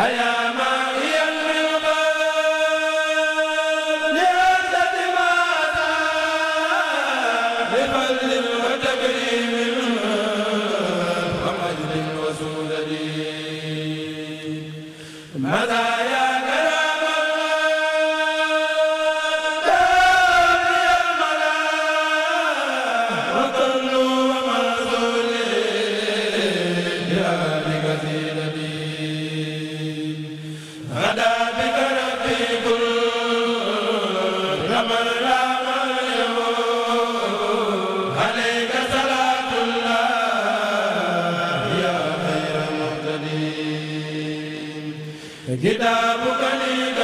haya kitaabuka li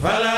Voilà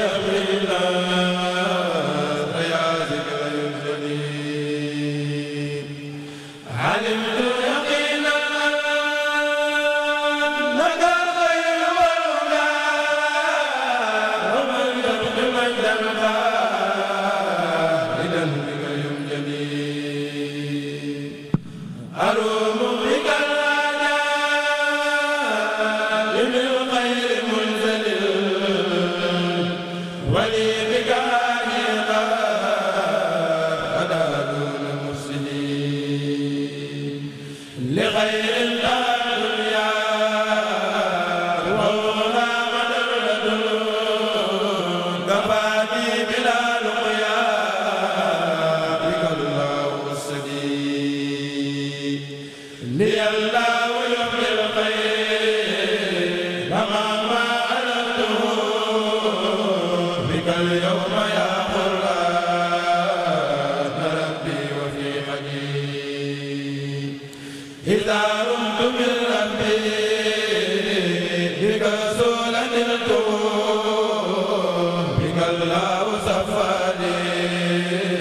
safari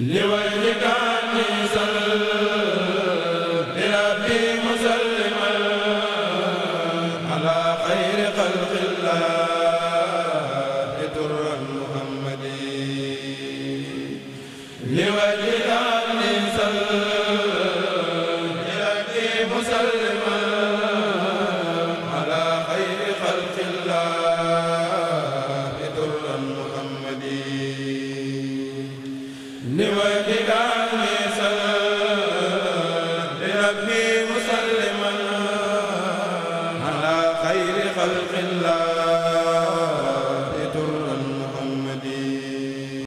li wa